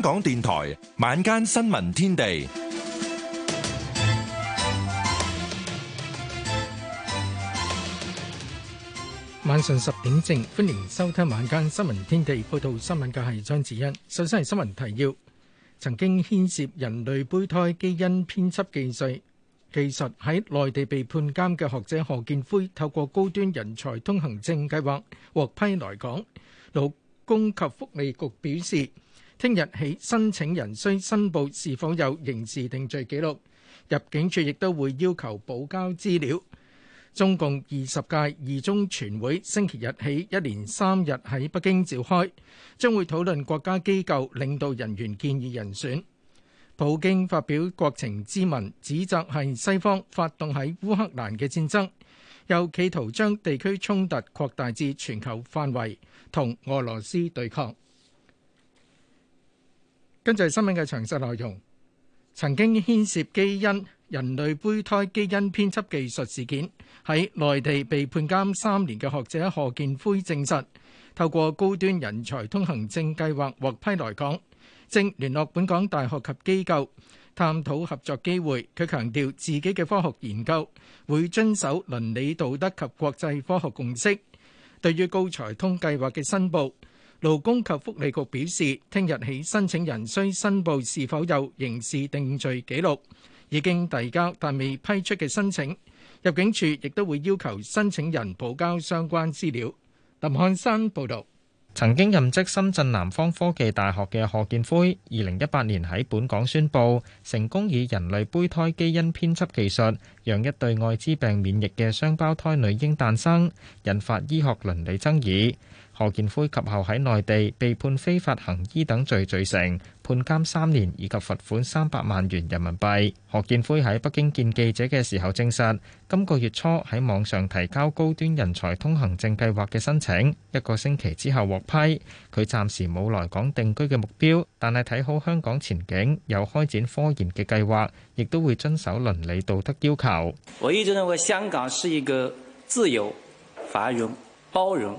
香港電台晚間新聞天地，晚上十點正，歡迎收聽晚間新聞天地。報道新聞嘅係張子欣。首先係新聞提要：曾經牽涉人類胚胎基因編輯技術技術喺內地被判監嘅學者何建輝，透過高端人才通行證計劃獲批來港。勞工及福利局表示。聽日起，申請人需申報是否有刑事定罪記錄。入境處亦都會要求補交資料。中共二十屆二中全會星期日起一連三日喺北京召開，將會討論國家機構領導人員建議人選。普京發表國情咨文，指責係西方發動喺烏克蘭嘅戰爭，又企圖將地區衝突擴大至全球範圍，同俄羅斯對抗。跟住係新聞嘅詳細內容，曾經牽涉基因人類胚胎基因編輯技術事件喺內地被判監三年嘅學者何建輝證實，透過高端人才通行證計劃獲批來港，正聯絡本港大學及機構探討合作機會。佢強調自己嘅科學研究會遵守倫理道德及國際科學共識。對於高才通計劃嘅申報。勞工及福利局表示，聽日起申請人需申報是否有刑事定罪記錄。已經遞交但未批出嘅申請，入境處亦都會要求申請人補交相關資料。林漢山報道，曾經任職深圳南方科技大學嘅何建輝，二零一八年喺本港宣布成功以人類胚胎基因編輯技術，讓一對艾滋病免疫嘅雙胞胎女嬰誕生，引發醫學倫理爭議。何建奎及後喺內地被判非法行醫等罪罪成，判監三年以及罰款三百萬元人民幣。何建奎喺北京見記者嘅時候證實，今個月初喺網上提交高端人才通行證計劃嘅申請，一個星期之後獲批。佢暫時冇來港定居嘅目標，但係睇好香港前景，有開展科研嘅計劃，亦都會遵守倫理道德要求。我一直認為香港是一個自由、繁榮、包容。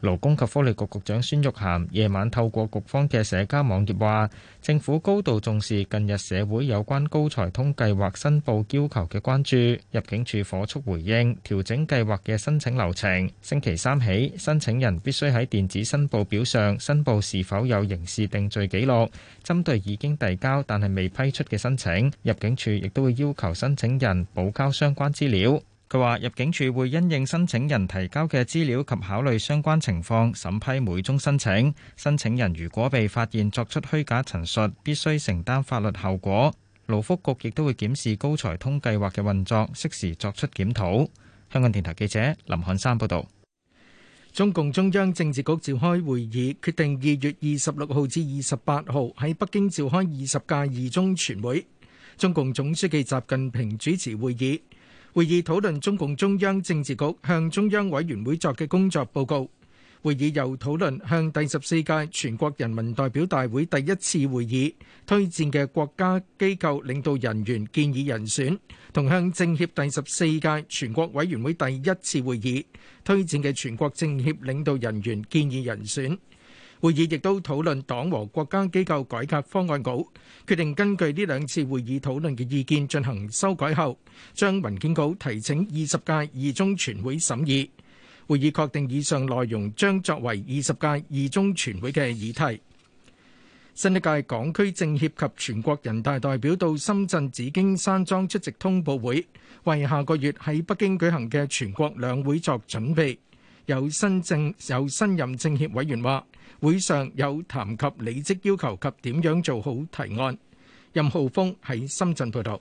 勞工及福利局局長孫玉菡夜晚透過局方嘅社交網頁話，政府高度重視近日社會有關高才通計劃申報要求嘅關注。入境處火速回應，調整計劃嘅申請流程。星期三起，申請人必須喺電子申報表上申報是否有刑事定罪記錄。針對已經遞交但係未批出嘅申請，入境處亦都會要求申請人補交相關資料。佢話：入境處會因應申請人提交嘅資料及考慮相關情況審批每宗申請。申請人如果被發現作出虛假陳述，必須承擔法律後果。勞福局亦都會檢視高才通計劃嘅運作，適時作出檢討。香港電台記者林漢山報道。中共中央政治局召開會議，決定二月二十六號至二十八號喺北京召開二十屆二中全會。中共總書記習近平主持會議。會議討論中共中央政治局向中央委員會作嘅工作報告。會議又討論向第十四屆全國人民代表大會第一次會議推薦嘅國家機構領導人員建議人選，同向政協第十四屆全國委員會第一次會議推薦嘅全國政協領導人員建議人選。會議亦都討論黨和國家機構改革方案稿，決定根據呢兩次會議討論嘅意見進行修改後，將文件稿提請二十屆二中全會審議。會議確定以上內容將作為二十屆二中全會嘅議題。新一屆港區政協及全國人大代表到深圳紫荊山莊出席通報會，為下個月喺北京舉行嘅全國兩會作準備。有新政有新任政協委員話，會上有談及履職要求及點樣做好提案。任浩峰喺深圳報道。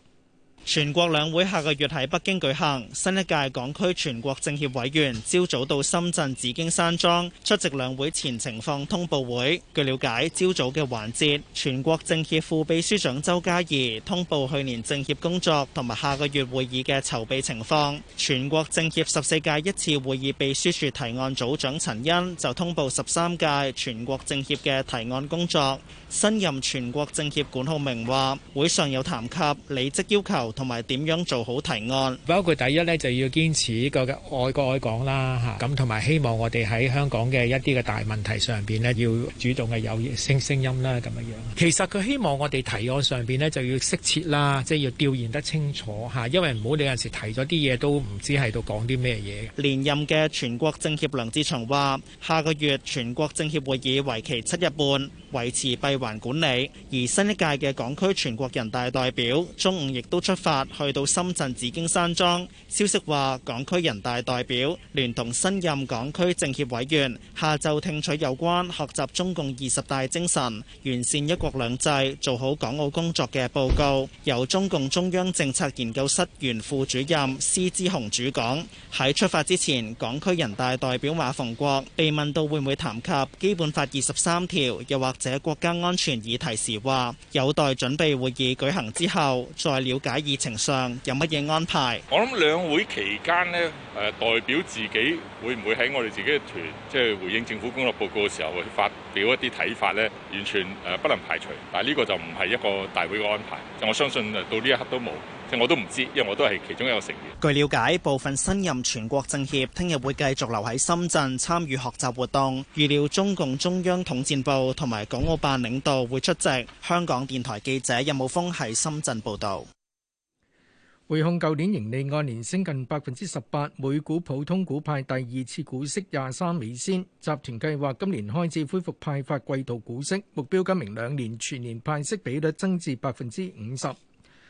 全國兩會下個月喺北京舉行，新一屆港區全國政協委員朝早到深圳紫荊山莊出席兩會前情況通報會。據了解，朝早嘅環節，全國政協副秘書長周家怡通報去年政協工作同埋下個月會議嘅籌備情況。全國政協十四屆一次會議秘書處提案組長陳茵就通報十三屆全國政協嘅提案工作。新任全國政協管浩鳴話：會上有談及履職要求同埋點樣做好提案，包括第一呢，就要堅持呢個嘅愛國愛港啦嚇，咁同埋希望我哋喺香港嘅一啲嘅大問題上邊呢，要主動嘅有聲聲音啦咁樣樣。其實佢希望我哋提案上邊呢，就要適切啦，即係要調研得清楚嚇，因為唔好你有陣時提咗啲嘢都唔知喺度講啲咩嘢。連任嘅全國政協梁志祥話：下個月全國政協會議為期七日半，維持閉環管理，而新一屆嘅港區全國人大代表中午亦都出發去到深圳紫荊山莊。消息話，港區人大代表聯同新任港區政協委員下晝聽取有關學習中共二十大精神、完善一國兩制、做好港澳工作嘅報告，由中共中央政策研究室原副主任施芝鴻主講。喺出發之前，港區人大代表馬逢國被問到會唔會談及《基本法》二十三條，又或者國家安安全議題時話，有待準備會議舉行之後，再了解議程上有乜嘢安排。我諗兩會期間呢，誒、呃、代表自己會唔會喺我哋自己嘅團，即係回應政府工作報告嘅時候，發表一啲睇法呢？完全誒、呃、不能排除。但係呢個就唔係一個大會嘅安排，我相信到呢一刻都冇。我都唔知，因為我都係其中一個成員。據了解，部分新任全國政協聽日會繼續留喺深圳參與學習活動。預料中共中央統戰部同埋港澳辦領導會出席。香港電台記者任武峰喺深圳報導。匯控舊年盈利按年升近百分之十八，每股普通股派第二次股息廿三美仙。集團計劃今年開始恢復派發季度股息，目標今明兩年全年派息比率增至百分之五十。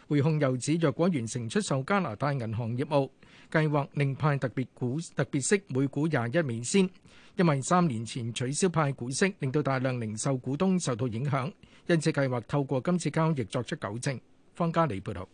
回控又指，若果完成出售加拿大銀行業務計劃，另派特別股特別息每股廿一美仙，因為三年前取消派股息，令到大量零售股東受到影響，因此計劃透過今次交易作出糾正。方嘉利報道。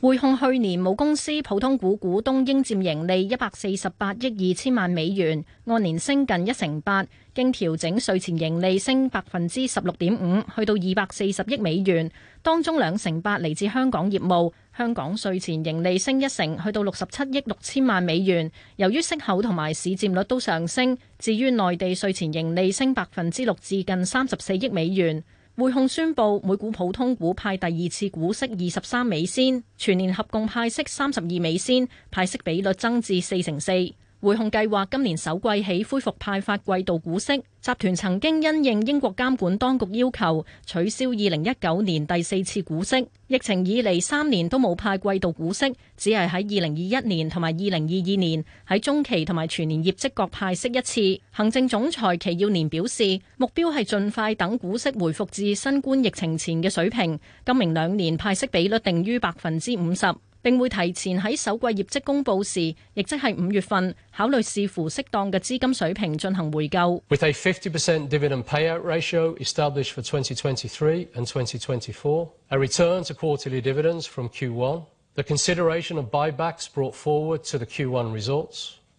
匯控去年母公司普通股股東應佔盈利一百四十八億二千萬美元，按年升近一成八，經調整稅前盈利升百分之十六點五，去到二百四十億美元，當中兩成八嚟自香港業務，香港稅前盈利升一成，去到六十七億六千萬美元。由於息口同埋市佔率都上升，至於內地稅前盈利升百分之六，至近三十四億美元。匯控宣布每股普通股派第二次股息二十三美仙，全年合共派息三十二美仙，派息比率增至四成四。匯控計劃今年首季起恢復派發季度股息，集團曾經因應英國監管當局要求取消二零一九年第四次股息，疫情以嚟三年都冇派季度股息，只係喺二零二一年同埋二零二二年喺中期同埋全年業績各派息一次。行政總裁祁耀年表示，目標係盡快等股息回復至新冠疫情前嘅水平，今明兩年派息比率定於百分之五十。並會提前喺首季業績公布時，亦即係五月份，考慮視乎適當嘅資金水平進行回購。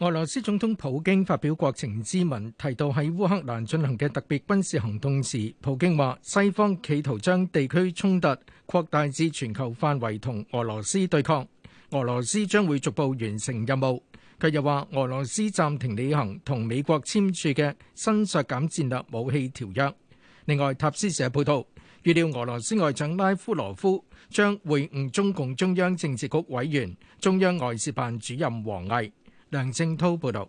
俄羅斯總統普京發表國情咨文，提到喺烏克蘭進行嘅特別軍事行動時，普京話：西方企圖將地區衝突擴大至全球範圍同俄羅斯對抗。俄羅斯將會逐步完成任務。佢又話：俄羅斯暫停履行同美國簽署嘅新削減戰略武器條約。另外，塔斯社報道，預料俄羅斯外長拉夫羅夫將會晤中共中央政治局委員、中央外事辦主任王毅。梁靜濤報道。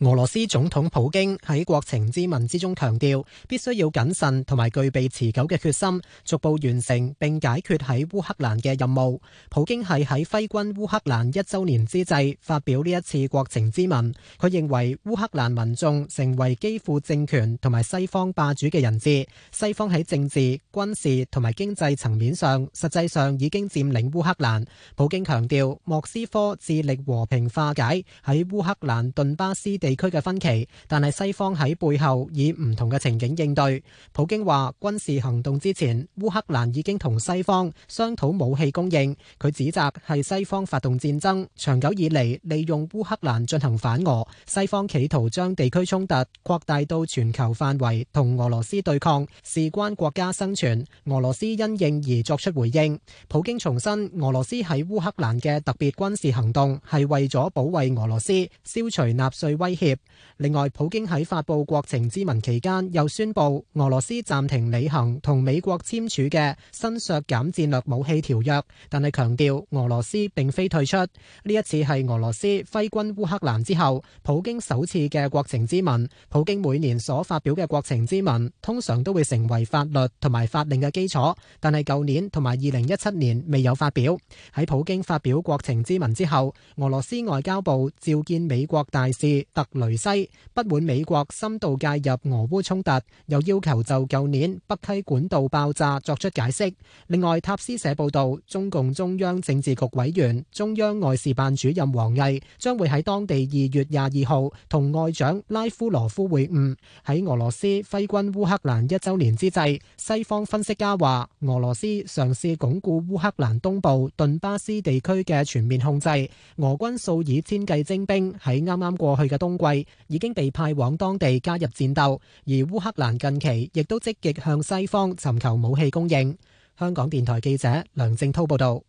俄羅斯總統普京喺國情諮文之中強調，必須要謹慎同埋具備持久嘅決心，逐步完成並解決喺烏克蘭嘅任務。普京係喺揮軍烏克蘭一周年之際發表呢一次國情諮文。佢認為烏克蘭民眾成為基輔政權同埋西方霸主嘅人質，西方喺政治、軍事同埋經濟層面上實際上已經佔領烏克蘭。普京強調，莫斯科致力和平化解喺烏克蘭頓巴斯地。地區嘅分歧，但係西方喺背後以唔同嘅情景應對。普京話軍事行動之前，烏克蘭已經同西方商討武器供應。佢指責係西方發動戰爭，長久以嚟利用烏克蘭進行反俄。西方企圖將地區衝突擴大到全球範圍，同俄羅斯對抗，事關國家生存。俄羅斯因應而作出回應。普京重申，俄羅斯喺烏克蘭嘅特別軍事行動係為咗保衛俄羅斯，消除納粹威脅。協。另外，普京喺發布國情咨文期間，又宣布俄羅斯暫停履行同美國簽署嘅新削減戰略武器條約，但係強調俄羅斯並非退出。呢一次係俄羅斯揮軍烏克蘭之後，普京首次嘅國情咨文。普京每年所發表嘅國情咨文，通常都會成為法律同埋法令嘅基礎，但係舊年同埋二零一七年未有發表。喺普京發表國情咨文之後，俄羅斯外交部召見美國大使特。雷西不滿美國深度介入俄烏衝突，又要求就舊年北溪管道爆炸作出解釋。另外，塔斯社報道，中共中央政治局委員、中央外事辦主任王毅將會喺當地二月廿二號同外長拉夫羅夫會晤。喺俄羅斯揮軍烏克蘭一周年之際，西方分析家話俄羅斯嘗試鞏固烏克蘭東部頓巴斯地區嘅全面控制。俄軍數以千計精兵喺啱啱過去嘅冬。季已經被派往當地加入戰鬥，而烏克蘭近期亦都積極向西方尋求武器供應。香港電台記者梁正濤報道，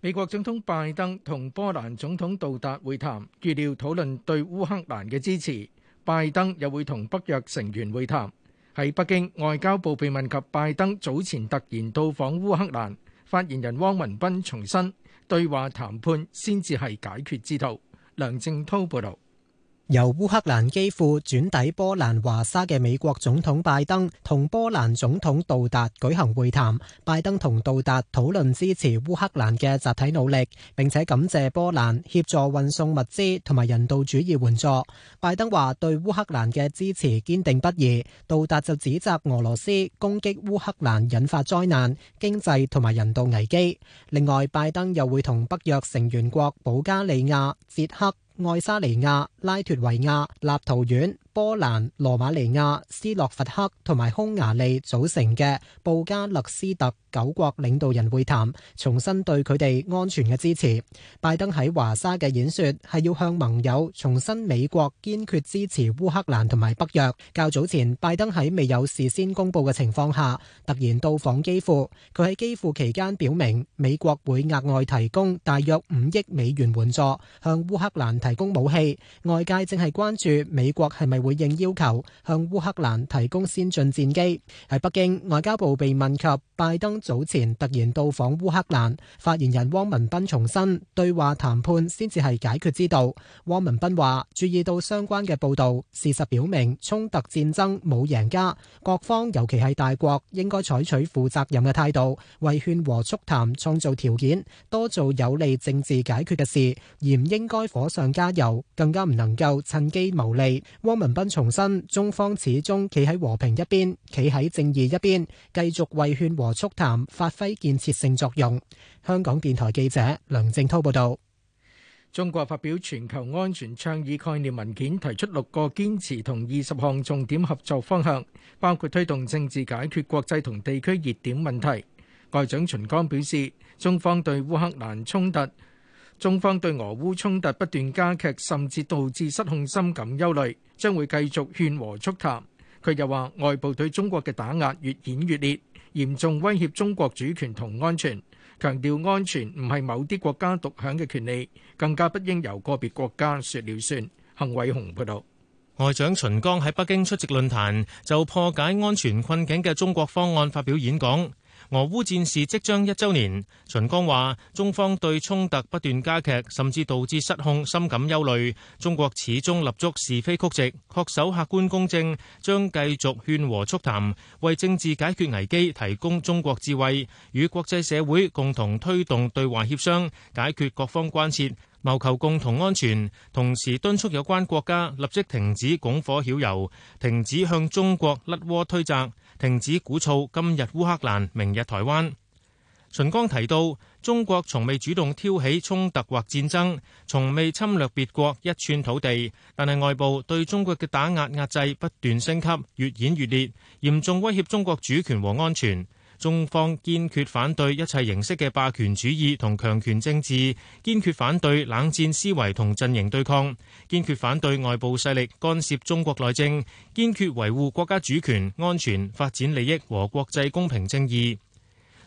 美國總統拜登同波蘭總統到達會談，預料討論對烏克蘭嘅支持。拜登又會同北約成員會談。喺北京，外交部被問及拜登早前突然到訪烏克蘭，發言人汪文斌重申對話談判先至係解決之道。梁正濤報道。由烏克蘭基輔轉抵波蘭華沙嘅美國總統拜登同波蘭總統杜達舉行會談。拜登同杜達討論支持烏克蘭嘅集體努力，並且感謝波蘭協助運送物資同埋人道主義援助。拜登話對烏克蘭嘅支持堅定不移。杜達就指責俄羅斯攻擊烏克蘭，引發災難、經濟同埋人道危機。另外，拜登又會同北約成員國保加利亞、捷克。愛沙尼亞拉脱維亞立陶宛。波蘭、羅馬尼亞、斯洛伐克同埋匈牙利組成嘅布加勒斯特九國領導人會談，重新對佢哋安全嘅支持。拜登喺華沙嘅演說係要向盟友重申美國堅決支持烏克蘭同埋北約。較早前，拜登喺未有事先公布嘅情況下，突然到訪基輔。佢喺基輔期間表明，美國會額外提供大約五億美元援助，向烏克蘭提供武器。外界淨係關注美國係咪。回應要求向烏克蘭提供先進戰機。喺北京，外交部被問及拜登早前突然到訪烏克蘭，發言人汪文斌重申對話談判先至係解決之道。汪文斌話：注意到相關嘅報道，事實表明衝突戰爭冇贏家，各方尤其係大國應該採取負責任嘅態度，為勸和促談創造條件，多做有利政治解決嘅事，而唔應該火上加油，更加唔能夠趁機謀利。汪文。兵重申，中方始終企喺和平一邊，企喺正義一邊，繼續為勸和促談發揮建設性作用。香港電台記者梁正濤報道。中國發表全球安全倡議概念文件，提出六個堅持同二十項重點合作方向，包括推動政治解決國際同地區熱點問題。外長秦剛表示，中方對烏克蘭衝突。中方對俄烏衝突不斷加劇，甚至導致失控深感憂慮，將會繼續勸和促談。佢又話，外部對中國嘅打壓越演越烈，嚴重威脅中國主權同安全。強調安全唔係某啲國家獨享嘅權利，更加不應由個別國家説了算。幸偉雄報導，外長秦剛喺北京出席論壇，就破解安全困境嘅中國方案發表演講。俄烏戰事即將一週年，秦剛話：中方對衝突不斷加劇，甚至導致失控，深感憂慮。中國始終立足是非曲直，恪守客觀公正，將繼續勸和促談，為政治解決危機提供中國智慧，與國際社會共同推動對話協商，解決各方關切。謀求共同安全，同時敦促有關國家立即停止拱火澆油，停止向中國甩鍋推責，停止鼓噪今日烏克蘭、明日台灣。秦剛提到，中國從未主動挑起衝突或戰爭，從未侵略別國一寸土地，但係外部對中國嘅打壓壓制不斷升級，越演越烈，嚴重威脅中國主權和安全。中方堅決反對一切形式嘅霸權主義同強權政治，堅決反對冷戰思維同陣營對抗，堅決反對外部勢力干涉中國內政，堅決維護國家主權、安全、發展利益和國際公平正義。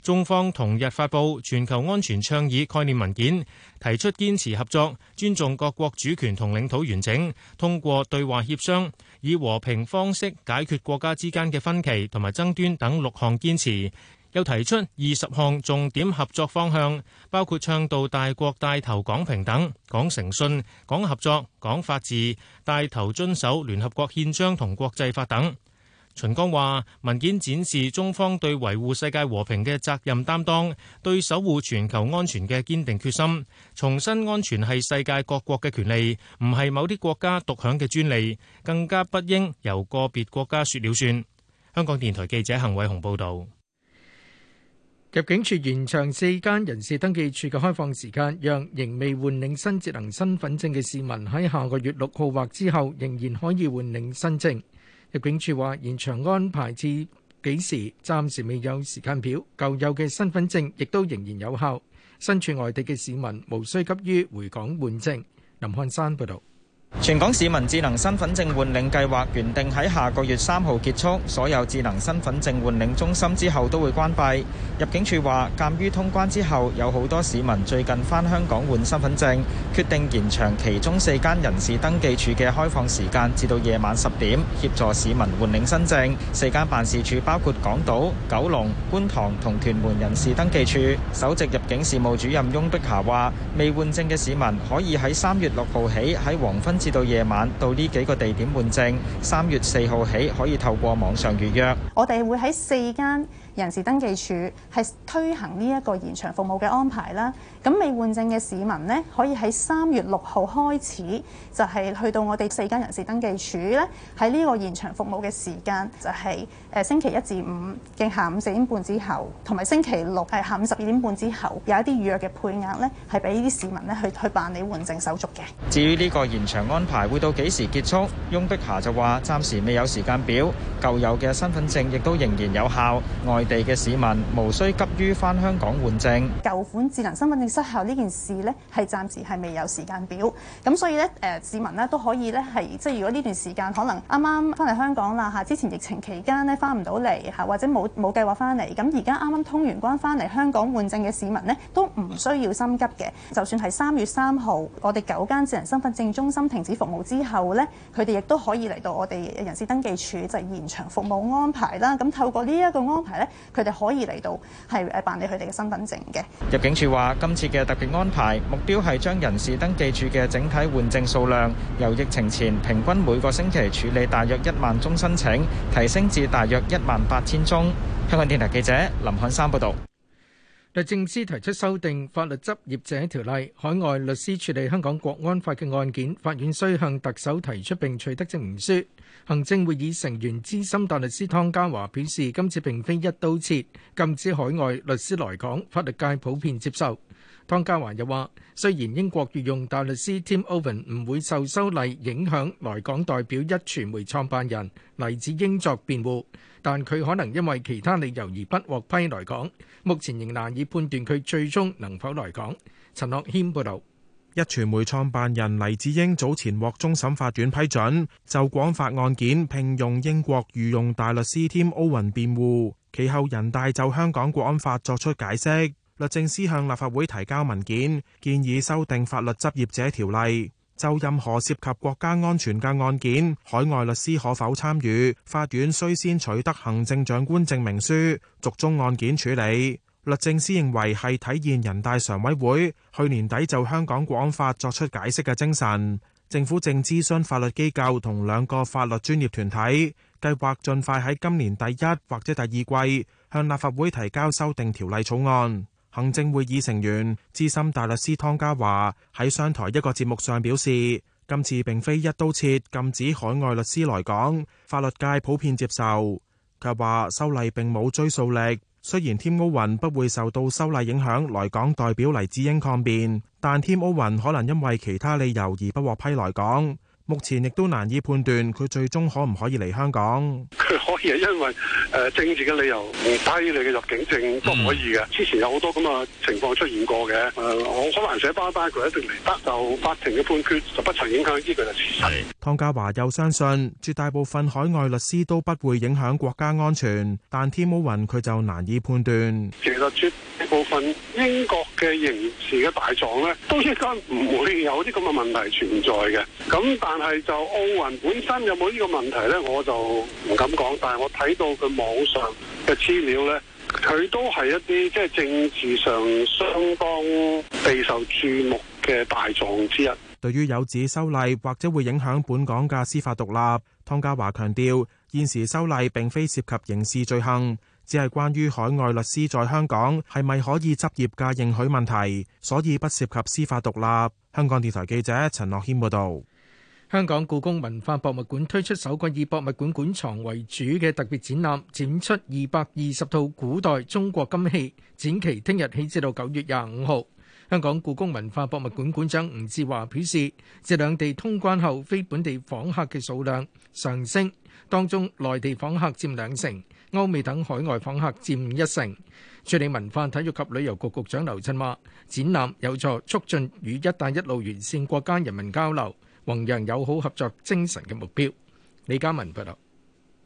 中方同日發布《全球安全倡議概念文件》，提出堅持合作、尊重各國主權同領土完整、通過對話協商、以和平方式解決國家之間嘅分歧同埋爭端等六項堅持，又提出二十項重點合作方向，包括倡導大國帶頭講平等、講誠信、講合作、講法治，帶頭遵守聯合國憲章同國際法等。秦剛話：文件展示中方對維護世界和平嘅責任擔當，對守護全球安全嘅堅定決心。重申安全係世界各國嘅權利，唔係某啲國家獨享嘅專利，更加不應由個別國家説了算。香港電台記者陳偉雄報道：入境處延長四間人事登記處嘅開放時間，讓仍未換領新智能身份證嘅市民喺下個月六號或之後仍然可以換領新證。入境處話：延長安排至幾時？暫時未有時間表。舊有嘅身份證亦都仍然有效。身處外地嘅市民無需急於回港換證。林漢山報導。全港市民智能身份證換領計劃原定喺下個月三號結束，所有智能身份證換領中心之後都會關閉。入境處話，鑒於通關之後有好多市民最近返香港換身份證，決定延長其中四間人事登記處嘅開放時間至到夜晚十點，協助市民換領新證。四間辦事處包括港島、九龍、觀塘同屯門人事登記處。首席入境事務主任翁碧霞話，未換證嘅市民可以喺三月六號起喺黃昏。至到夜晚，到呢幾個地點換證，三月四號起可以透過網上預約。我哋會喺四間 人事登記處係推行呢一個延長服務嘅安排啦，咁未換證嘅市民呢，可以喺三月六號開始就係、是、去到我哋四間人事登記處呢，喺呢個延長服務嘅時間就係、是、誒，星期一至五嘅下午四點半之後，同埋星期六係下午十二點半之後，有一啲預約嘅配額呢，係俾啲市民呢去去辦理換證手續嘅。至於呢個延長安排會到幾時結束，翁碧霞就話暫時未有時間表，舊有嘅身份證亦都仍然有效，外地嘅市民無需急於翻香港換證。舊款智能身份證失效呢件事呢，係暫時係未有時間表。咁所以呢，誒、呃、市民呢都可以呢，係即係如果呢段時間可能啱啱翻嚟香港啦吓，之前疫情期間呢翻唔到嚟吓，或者冇冇計劃翻嚟，咁而家啱啱通完關翻嚟香港換證嘅市民呢，都唔需要心急嘅。就算係三月三號，我哋九間智能身份證中心停止服務之後呢，佢哋亦都可以嚟到我哋人事登記處就係、是、延長服務安排啦。咁透過呢一個安排呢。佢哋可以嚟到係誒辦理佢哋嘅身份證嘅。入境處話，今次嘅特別安排目標係將人事登記處嘅整體換證數量由疫情前平均每個星期處理大約一萬宗申請，提升至大約一萬八千宗。香港電台記者林漢山報道，律政司提出修訂法律執業者條例，海外律師處理香港國安法嘅案件，法院需向特首提出並取得證明書。行政會議成員資深大律師湯家驊表示，今次並非一刀切禁止海外律師來港，法律界普遍接受。湯家驊又話：雖然英國御用大律師 Tim Owen 唔會受修例影響來港代表一傳媒創辦人黎智英作辯護，但佢可能因為其他理由而不獲批來港，目前仍難以判斷佢最終能否來港。陳樂軒報導。一傳媒創辦人黎智英早前獲終審法院批准就《國安法》案件聘用英國御用大律師添歐雲辯護。其後，人大就香港《國安法》作出解釋，律政司向立法會提交文件，建議修訂《法律執業者條例》，就任何涉及國家安全嘅案件，海外律師可否參與，法院須先取得行政長官證明書，逐宗案件處理。律政司認為係體現人大常委會去年底就香港國安法作出解釋嘅精神。政府正諮詢法律機構同兩個法律專業團體，計劃盡快喺今年第一或者第二季向立法會提交修訂條例草案。行政會議成員、資深大律師湯家華湯家驊喺商台一個節目上表示，今次並非一刀切禁止海外律師來港，法律界普遍接受。佢話修例並冇追溯力。雖然添奧雲不會受到修例影響來港代表黎智英抗辯，但添奧雲可能因為其他理由而不獲批來港。目前亦都難以判斷佢最終可唔可以嚟香港。佢可以係因為誒政治嘅理由唔低，你嘅入境證都可以嘅。之前有好多咁嘅情況出現過嘅。誒，我可能寫包單，佢一定嚟得就法庭嘅判決就不曾影響呢個嘅事實。湯家驊又相信絕大部分海外律師都不會影響國家安全但，但 Tim Owen，佢就難以判斷。其實絕部分英國嘅刑事嘅大狀呢，都應該唔會有啲咁嘅問題存在嘅。咁但係就奧運本身有冇呢個問題呢？我就唔敢講。但係我睇到佢網上嘅資料呢，佢都係一啲即係政治上相當備受注目嘅大狀之一。對於有指修例或者會影響本港嘅司法獨立，湯家驊強調，現時修例並非涉及刑事罪行。只係關於海外律師在香港係咪可以執業嘅認許問題，所以不涉及司法獨立。香港電台記者陳樂軒報導。香港故宮文化博物館推出首個以博物館館藏為主嘅特別展覽，展出二百二十套古代中國金器，展期聽日起至到九月廿五號。香港故宮文化博物館館，館長吳志華表示，自兩地通關後，非本地訪客嘅數量上升，當中內地訪客佔兩成。歐美等海外訪客佔一成。署理文化體育及旅遊局局長劉振話：展覽有助促進與「一帶一路」沿線國家人民交流，弘揚友好合作精神嘅目標。李嘉文報道。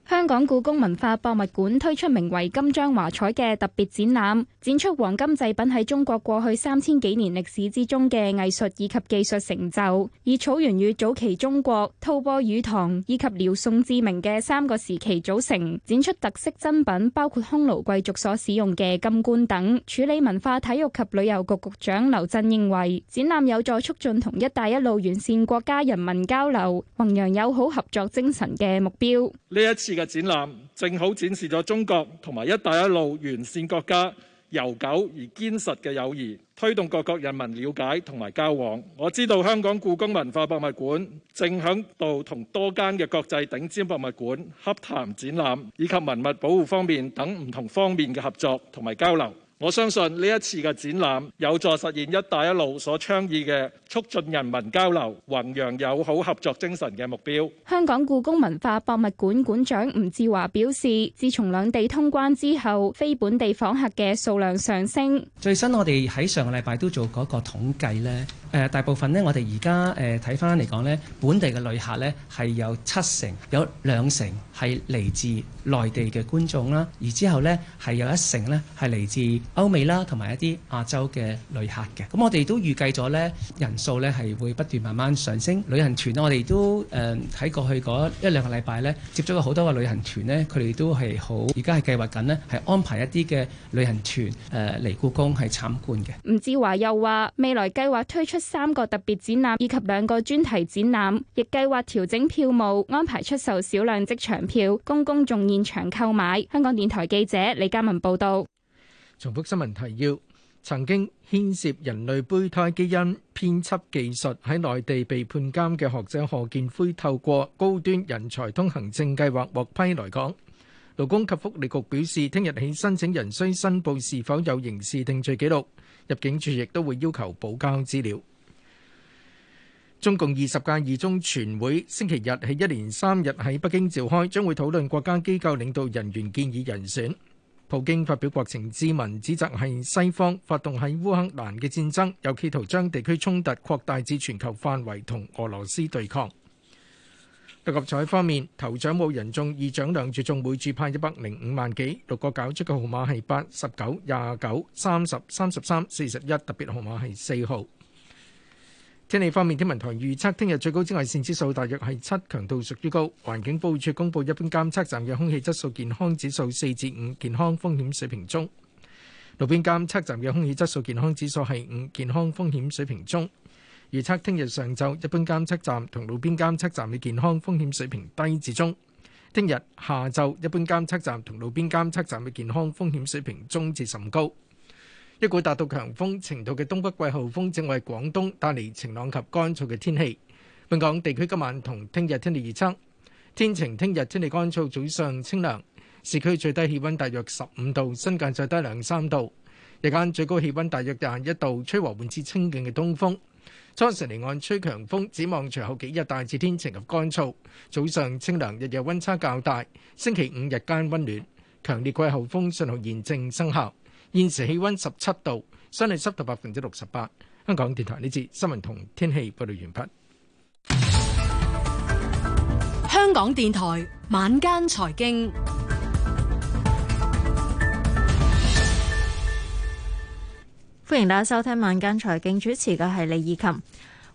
香港故宮文化博物館推出名為《金章華彩》嘅特別展覽，展出黃金製品喺中國過去三千幾年歷史之中嘅藝術以及技術成就，以草原與早期中國、吐蕃與唐以及遼宋至明嘅三個時期組成。展出特色珍品包括匈奴貴族所使用嘅金冠等。處理文化體育及旅遊局局局長劉振認為，展覽有助促進同一帶一路沿線國家人民交流，弘揚友好合作精神嘅目標。呢一次。嘅展覽正好展示咗中國同埋「一帶一路」完善國家悠久而堅實嘅友誼，推動各國人民了解同埋交往。我知道香港故宮文化博物館正響度同多間嘅國際頂尖博物館洽談展覽以及文物保護方面等唔同方面嘅合作同埋交流。我相信呢一次嘅展覽有助實現「一帶一路」所倡議嘅，促進人民交流，弘揚友好合作精神嘅目標。香港故宮文化博物館館長吳志華表示，自從兩地通關之後，非本地訪客嘅數量上升。最新我哋喺上個禮拜都做嗰個統計咧，誒大部分咧，我哋而家誒睇翻嚟講咧，本地嘅旅客咧係有七成，有兩成係嚟自內地嘅觀眾啦，而之後咧係有一成咧係嚟自歐美啦，同埋一啲亞洲嘅旅客嘅。咁我哋都預計咗咧人。數呢係會不斷慢慢上升，旅行團我哋都誒喺、呃、過去嗰一兩個禮拜咧，接觸過好多個旅行團呢，佢哋都係好而家係計劃緊咧，係安排一啲嘅旅行團誒嚟、呃、故宮係參觀嘅。吳志華又話：未來計劃推出三個特別展覽以及兩個專題展覽，亦計劃調整票務，安排出售少量即場票，供公眾現場購買。香港電台記者李嘉文報道。重複新聞提要。曾經牽涉人類胚胎基因編輯技術喺內地被判監嘅學者何建輝透過高端人才通行證計劃獲批來港。勞工及福利局表示，聽日起申請人需申報是否有刑事定罪記錄，入境處亦都會要求補交資料。中共二十屆二中全會星期日係一連三日喺北京召開，將會討論國家機構領導人員建議人選。普京發表國情咨文，指責係西方發動喺烏克蘭嘅戰爭，又企圖將地區衝突擴大至全球範圍，同俄羅斯對抗。六合彩方面，頭獎冇人中，二獎兩注中，每注派一百零五萬幾。六個搞出嘅號碼係八、十九、廿九、三十、三十三、四十一，特別號碼係四號。天氣方面，天文台預測聽日最高紫外線指數大約係七，強度屬於高。環境保護署公布一般監測站嘅空氣質素健康指數四至五，健康風險水平中；路邊監測站嘅空氣質素健康指數係五，健康風險水平中。預測聽日上晝一般監測站同路邊監測站嘅健康風險水平低至中；聽日下晝一般監測站同路邊監測站嘅健康風險水平中至甚高。一股達到強風程度嘅東北季候風正為廣東帶嚟晴朗及乾燥嘅天氣。本港地區今晚同聽日天氣預測：天晴，聽日天，天氣乾燥，早上清涼，市區最低氣温大約十五度，新界最低兩三度。日間最高氣温大約廿一度，吹和緩至清勁嘅東風。初時離岸吹強風，展望隨後幾日大致天晴及乾燥，早上清涼，日夜温差較大。星期五日間温暖，強烈季候風信號現正生效。現時氣溫十七度，相對濕度百分之六十八。香港電台呢節新聞同天氣報道完畢。香港電台晚間財經，歡迎大家收聽晚間財經，主持嘅係李以琴。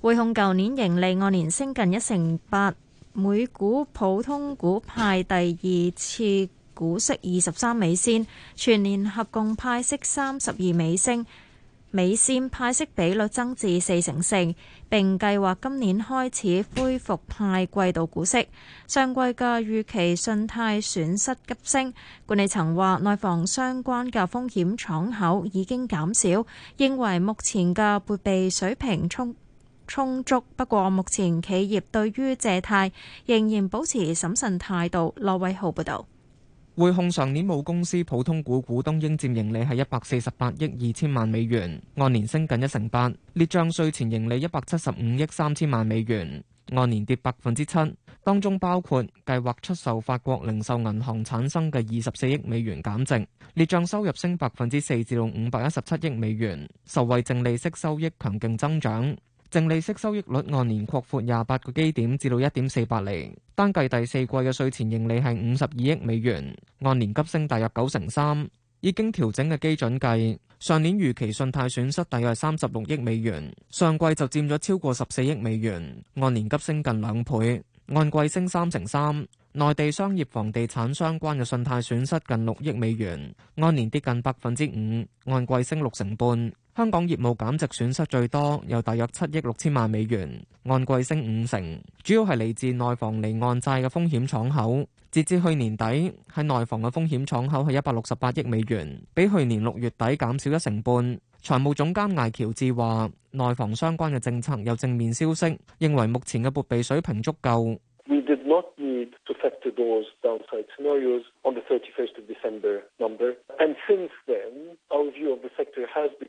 匯控舊年盈利按年升近一成八，每股普通股派第二次。股息二十三美仙，全年合共派息三十二美仙，美仙派息比率增至四成四，並計劃今年開始恢復派季度股息。上季嘅預期信貸損失急升，管理層話內房相關嘅風險敞口已經減少，認為目前嘅撥備水平充充足。不過，目前企業對於借貸仍然保持審慎態度。羅偉豪報道。匯控上年母公司普通股股東應佔盈，盈利係一百四十八億二千萬美元，按年升近一成八。列賬稅前盈利一百七十五億三千萬美元，按年跌百分之七，當中包括計劃出售法國零售銀行產生嘅二十四億美元減值。列賬收入升百分之四至到五百一十七億美元，受惠淨利息收益強勁增長。淨利息收益率按年擴闊廿八個基點至到一點四八厘，單計第四季嘅稅前盈利係五十二億美元，按年急升大約九成三。已經調整嘅基準計，上年預期信貸損失大約三十六億美元，上季就佔咗超過十四億美元，按年急升近兩倍，按季升三成三。內地商業房地產相關嘅信貸損失近六億美元，按年跌近百分之五，按季升六成半。香港業務減值損失最多，有大約七億六千萬美元，按季升五成，主要係嚟自內房離岸債嘅風險敞口。截至去年底，喺內房嘅風險敞口係一百六十八億美元，比去年六月底減少一成半。財務總監艾喬治話：內房相關嘅政策有正面消息，認為目前嘅撥備水平足夠。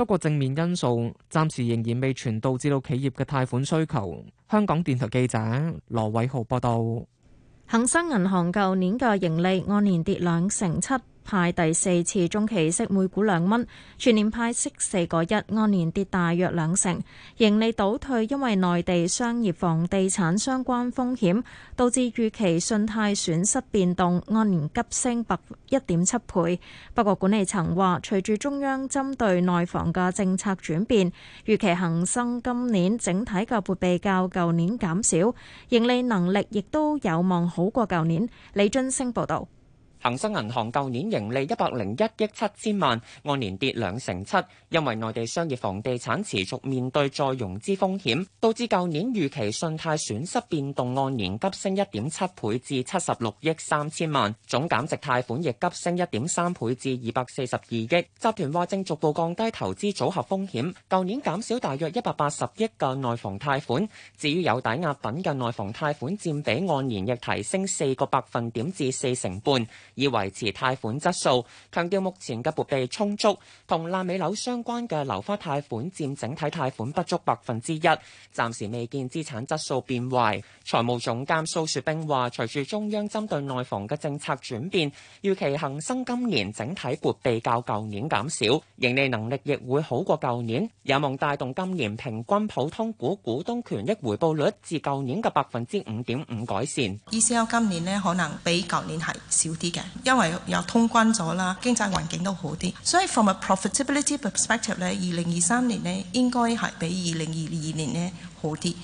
不過正面因素暫時仍然未傳導至到企業嘅貸款需求。香港電台記者羅偉豪報道，恒生銀行舊年嘅盈利按年跌兩成七。派第四次中期息每股兩蚊，全年派息四個一，按年跌大約兩成。盈利倒退，因為內地商業房地產相關風險導致預期信貸損失變動按年急升百一點七倍。不過管理層話隨住中央針對內房嘅政策轉變預期恒生今年整體嘅撥備較舊年減少，盈利能力亦都有望好過舊年。李津升報道。恒生銀行舊年盈利一百零一億七千萬，按年跌兩成七，因為內地商業房地產持續面對再融資風險，導致舊年預期信貸損失變動按年急升一點七倍至七十六億三千萬，總減值貸款亦急升一點三倍至二百四十二億。集團話正逐步降低投資組合風險，舊年減少大約一百八十億嘅內房貸款。至於有抵押品嘅內房貸款佔比按年亦提升四個百分點至四成半。以維持貸款質素，強調目前嘅撥備充足，同爛尾樓相關嘅樓花貸款佔整體貸款不足百分之一，暫時未見資產質素變壞。財務總監蘇雪冰話，隨住中央針對內房嘅政策轉變，預期恒生今年整體撥備較舊年減少，盈利能力亦會好過舊年，有望帶動今年平均普通股股東權益回報率至舊年嘅百分之五點五改善。ECL 今年呢，可能比舊年係少啲因為又通關咗啦，經濟環境都好啲，所以 so from a profitability perspective 咧，二零二三年咧應該係比二零二二年咧好啲。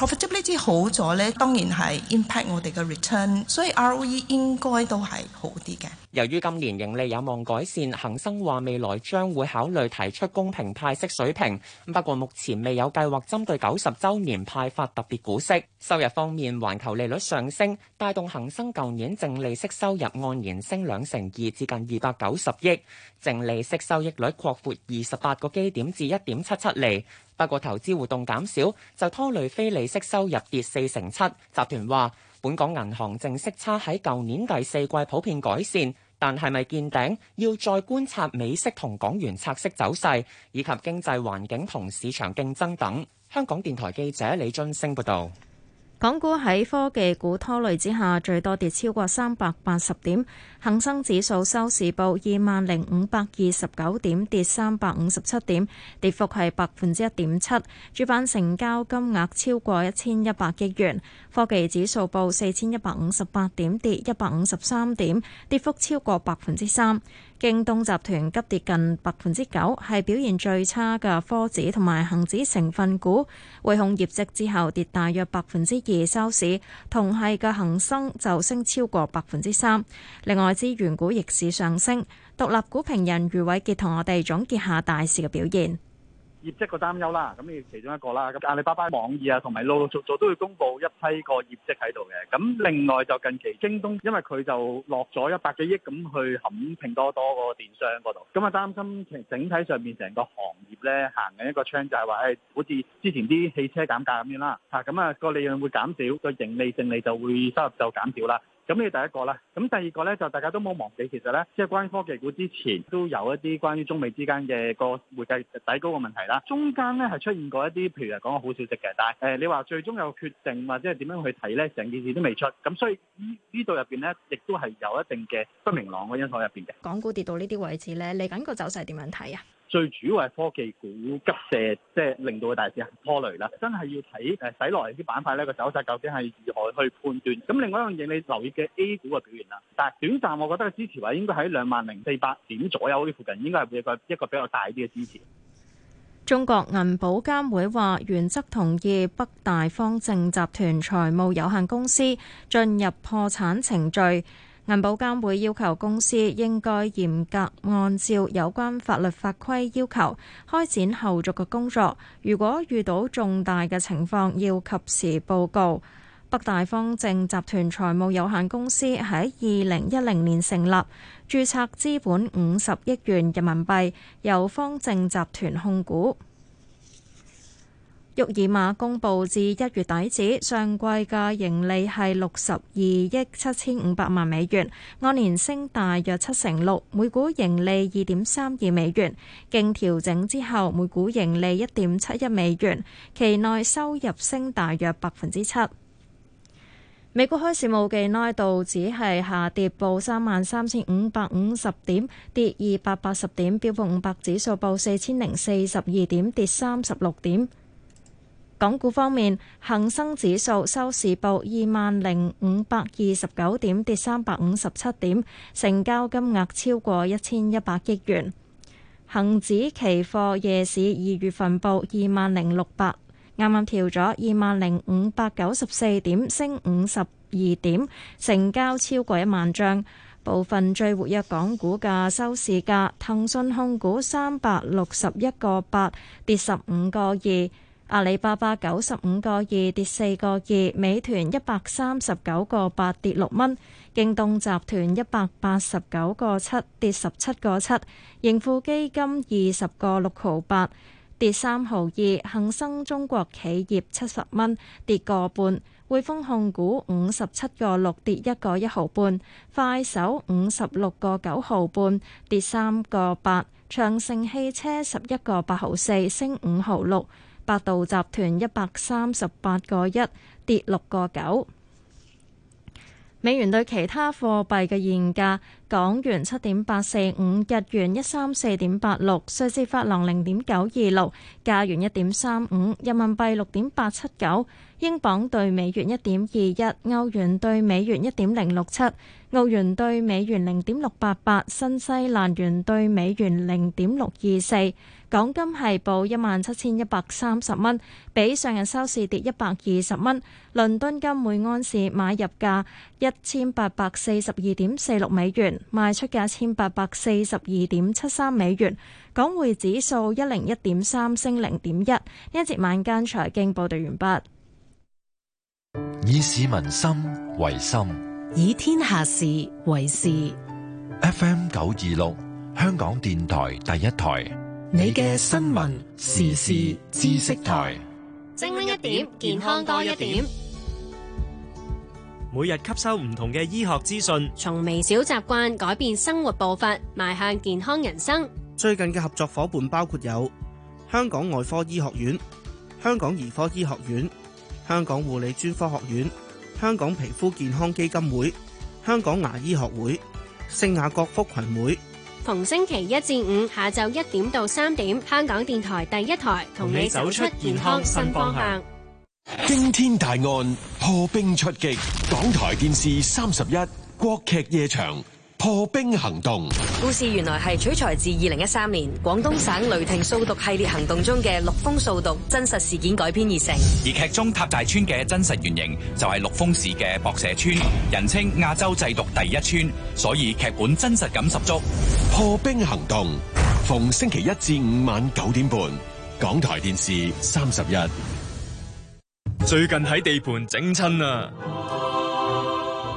Profitability 好咗呢，當然係 impact 我哋嘅 return，所以 ROE 應該都係好啲嘅。由於今年盈利有望改善，恒生話未來將會考慮提出公平派息水平，不過目前未有計劃針對九十週年派發特別股息。收入方面，環球利率上升，帶動恒生舊年淨利息收入按年升兩成二，接近二百九十億，淨利息收益率擴闊二十八個基點至一點七七釐。不過投資活動減少就拖累非利息收入跌四成七。集團話：本港銀行淨息差喺舊年第四季普遍改善，但係咪見頂要再觀察美息同港元拆息走勢，以及經濟環境同市場競爭等。香港電台記者李俊升報導。港股喺科技股拖累之下，最多跌超過三百八十點，恒生指數收市報二萬零五百二十九點，跌三百五十七點，跌幅係百分之一點七。主板成交金額超過一千一百億元，科技指數報四千一百五十八點，跌一百五十三點，跌幅超過百分之三。京東集團急跌近百分之九，係表現最差嘅科指同埋恒指成分股，匯控業績之後跌大約百分之二收市。同係嘅恒生就升超過百分之三。另外資源股逆市上升，獨立股評人余偉傑同我哋總結下大市嘅表現。業績個擔憂啦，咁亦其中一個啦。咁阿里巴巴、網易啊，同埋陸陸續續都要公布一批個業績喺度嘅。咁另外就近期京東，因為佢就落咗一百幾億咁去冚拼多多個電商嗰度。咁啊擔心，其實整體上面成個行業咧行緊一個窗，就係話誒，好似之前啲汽車減價咁樣啦。嚇，咁啊個利潤會減少，個盈利淨利就會收入就減少啦。咁呢個第一個啦。咁第二個咧就大家都冇忘記，其實咧即係關於科技股之前都有一啲關於中美之間嘅個會計底稿嘅問題啦。中間咧係出現過一啲，譬如講個好消息嘅，但係誒、呃、你話最終有決定或者係點樣去睇咧，成件事都未出，咁所以呢呢度入邊咧亦都係有一定嘅不明朗嘅因素入邊嘅。港股跌到呢啲位置咧，嚟緊個走勢點樣睇啊？最主要係科技股急射，即係令到個大市拖累啦。真係要睇誒使落嚟啲板塊呢個走勢，究竟係如何去判斷？咁另外一樣嘢，你留意嘅 A 股嘅表現啦。但係短暫，我覺得嘅支持位應該喺兩萬零四百點左右呢附近，應該係會個一個比較大啲嘅支持。中國銀保監會話，原則同意北大方正集團財務有限公司進入破產程序。銀保監會要求公司應該嚴格按照有關法律法規要求開展後續嘅工作，如果遇到重大嘅情況要及時報告。北大方正集團財務有限公司喺二零一零年成立，註冊資本五十億元人民幣，由方正集團控股。沃爾瑪公布至一月底止，上季嘅盈利係六十二億七千五百萬美元，按年升大約七成六，每股盈利二點三二美元，經調整之後每股盈利一點七一美元。期內收入升大約百分之七。美國開市，冇幾耐道指係下跌，報三萬三千五百五十點，跌二百八十點，標普五百指數報四千零四十二點，跌三十六點。港股方面，恒生指數收市報二萬零五百二十九點，跌三百五十七點，成交金額超過一千一百億元。恒指期貨夜市二月份報二萬零六百，啱啱調咗二萬零五百九十四點，升五十二點，成交超過一萬張。部分最活躍港股嘅收市價，騰訊控股三百六十一個八，跌十五個二。阿里巴巴九十五個二跌四個二，美團一百三十九個八跌六蚊，京東集團一百八十九個七跌十七個七，盈富基金二十個六毫八跌三毫二，恒生中國企業七十蚊跌個半，匯豐控股五十七個六跌一個一毫半，快手五十六個九毫半跌三個八，長城汽車十一個八毫四升五毫六。百度集團一百三十八個一跌六個九。美元兌其他貨幣嘅現價：港元七點八四五，日元一三四點八六，瑞士法郎零點九二六，加元一點三五，人民幣六點八七九，英鎊兌美元一點二一，歐元兌美元一點零六七，澳元兌美元零點六八八，新西蘭元兌美元零點六二四。港金係報一萬七千一百三十蚊，比上日收市跌一百二十蚊。倫敦金每安士買入價一千八百四十二點四六美元，賣出價一千八百四十二點七三美元。港匯指數一零一點三升零點一。一節晚間財經報道完畢。以市民心為心，以天下事為事。F. M. 九二六，香港電台第一台。你嘅新聞時事知識台，精明一點，健康多一點。每日吸收唔同嘅醫學資訊，從微小習慣改變生活步伐，邁向健康人生。最近嘅合作夥伴包括有香港外科醫學院、香港兒科醫學院、香港護理專科學院、香港皮膚健康基金會、香港牙醫學會、聖雅各福群會。從星期一至五，下晝一點到三點，香港電台第一台同你走出健康新方向。驚天大案破冰出擊，港台電視三十一，國劇夜場。破冰行動，故事原來係取材自二零一三年廣東省雷霆掃毒系列行動中嘅陸豐掃毒，真實事件改編而成。而劇中塔寨村嘅真實原型就係陸豐市嘅博社村，人稱亞洲製毒第一村，所以劇本真實感十足。破冰行動，逢星期一至五晚九點半，港台電視三十一。最近喺地盤整親啊！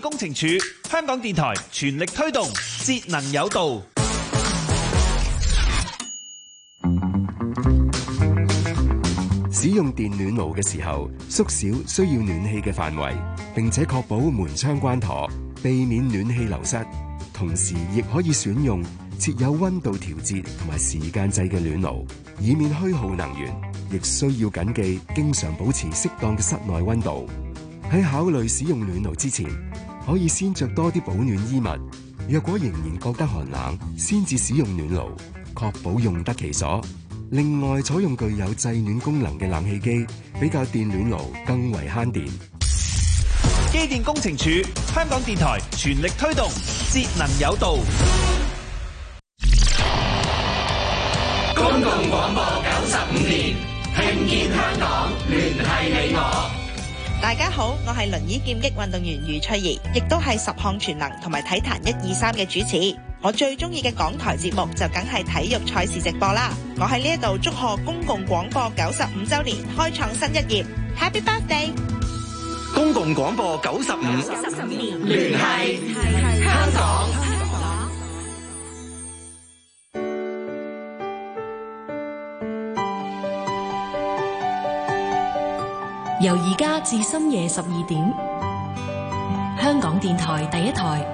工程署，香港電台全力推動節能有道。使用電暖爐嘅時候，縮小需要暖氣嘅範圍，並且確保門窗關妥，避免暖氣流失。同時，亦可以選用設有溫度調節同埋時間制嘅暖爐，以免虛耗能源。亦需要謹記，經常保持適當嘅室內溫度。喺考慮使用暖爐之前，可以先着多啲保暖衣物，若果仍然覺得寒冷，先至使用暖爐，確保用得其所。另外，採用具有製暖功能嘅冷氣機，比較電暖爐更為慳電。機電工程署，香港電台全力推動節能有道。公共廣播九十五年，聽見香港，聯繫你我。大家好，我係輪椅劍擊運動員余翠怡，亦都係十項全能同埋體壇一二三嘅主持。我最中意嘅港台節目就梗係體育賽事直播啦。我喺呢一度祝賀公共廣播九十五周年，開創新一頁。Happy Birthday！公共廣播九十五，九十五年聯繫，繫，繫，香港。香港由而家至深夜十二點，香港電台第一台。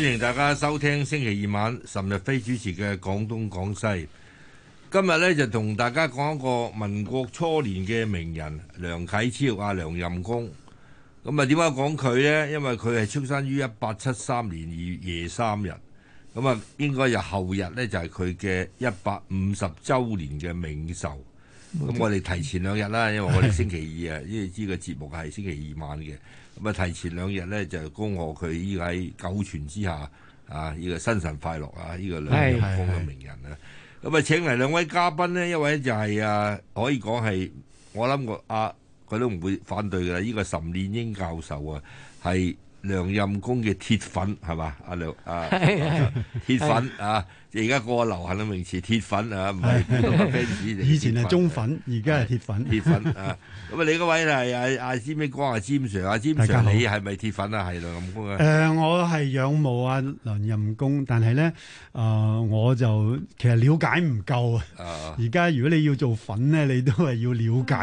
歡迎大家收聽星期二晚岑日飛主持嘅《廣東廣西》。今日呢，就同大家講一個民國初年嘅名人梁啓超啊、梁任公。咁、嗯、啊，點解講佢呢？因為佢係出生於一八七三年二月二三日。咁啊，應該又後日呢，就係佢嘅一百五十周年嘅冥壽。咁、嗯嗯、我哋提前兩日啦，因為我哋星期二啊，因為呢個節目係星期二晚嘅。咁啊，提前兩日咧就恭賀佢依喺九泉之下啊，依、這個生辰快樂啊，依、這個梁任公嘅名人啊。咁啊、 嗯，請嚟兩位嘉賓呢，一位就係、是、啊，可以講係我諗個啊，佢都唔會反對嘅。呢、這個岑練英教授啊，係梁任公嘅鐵粉係嘛？阿梁啊，啊，鐵粉 啊。而家個流行嘅名詞鐵粉啊，唔係普通 fans 嚟。以前係中粉，而家係鐵粉。鐵粉啊，咁啊，那你嗰位係阿阿詹尾哥？阿詹 Sir 啊，詹、啊啊啊、Sir，你係咪鐵粉啊？係林任、啊呃、我係仰慕阿、啊、林任公。但係咧，誒、呃，我就其實了解唔夠啊。而家如果你要做粉咧，你都係要了解。